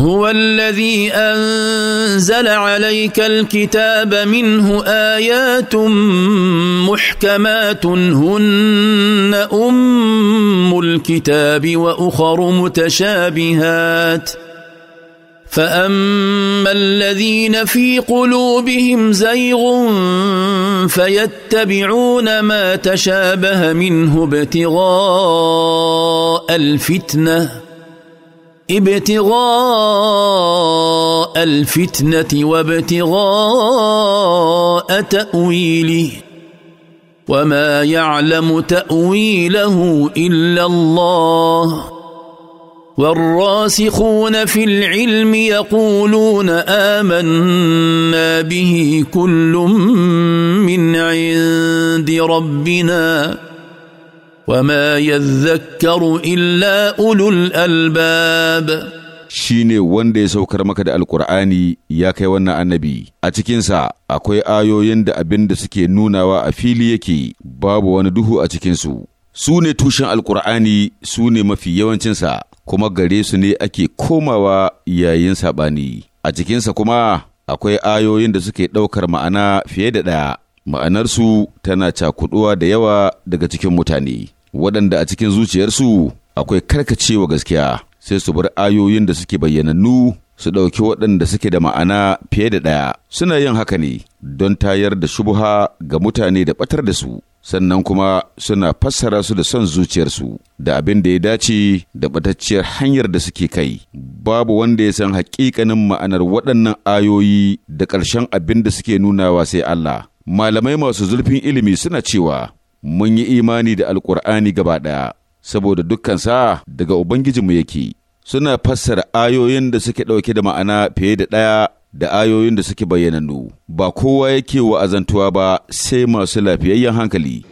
هو الذي انزل عليك الكتاب منه ايات محكمات هن ام الكتاب واخر متشابهات فاما الذين في قلوبهم زيغ فيتبعون ما تشابه منه ابتغاء الفتنه ابتغاء الفتنه وابتغاء تاويله وما يعلم تاويله الا الله والراسخون في العلم يقولون امنا به كل من عند ربنا وما يذكر إلا أولو الألباب shine wanda ya saukar maka da alkur'ani ya kai wannan annabi a cikinsa akwai ayoyin da abin da suke nunawa a fili yake babu wani duhu a cikinsu su ne tushen alkur'ani su ne mafi yawancinsa kuma gare su ne ake komawa yayin saɓani a cikinsa kuma akwai ayoyin da suke ɗaukar ma'ana fiye da ɗaya ma'anarsu tana cakuɗuwa da yawa daga cikin mutane waɗanda a cikin zuciyarsu akwai karkacewa gaskiya sai su bar ayoyin da suke bayyanannu su ɗauki waɗanda suke da ma'ana fiye da ɗaya suna yin haka ne don tayar da shubuha ga mutane da ɓatar da su sannan kuma suna fassara su da son zuciyarsu da abin da ya dace da ɓatacciyar hanyar da suke kai babu wanda ya san haƙiƙanin ma'anar waɗannan ayoyi da ƙarshen abin da suke nunawa sai Allah malamai masu zurfin ilimi suna cewa mun yi imani da alkur'ani gaba ɗaya saboda dukkan dukkansa daga ubangijinmu yake suna fassara ayoyin da suke ɗauke da ma'ana fiye da ɗaya da ayoyin da suke bayyanannu ba kowa yake wa'azantuwa ba sai masu lafiyayyen hankali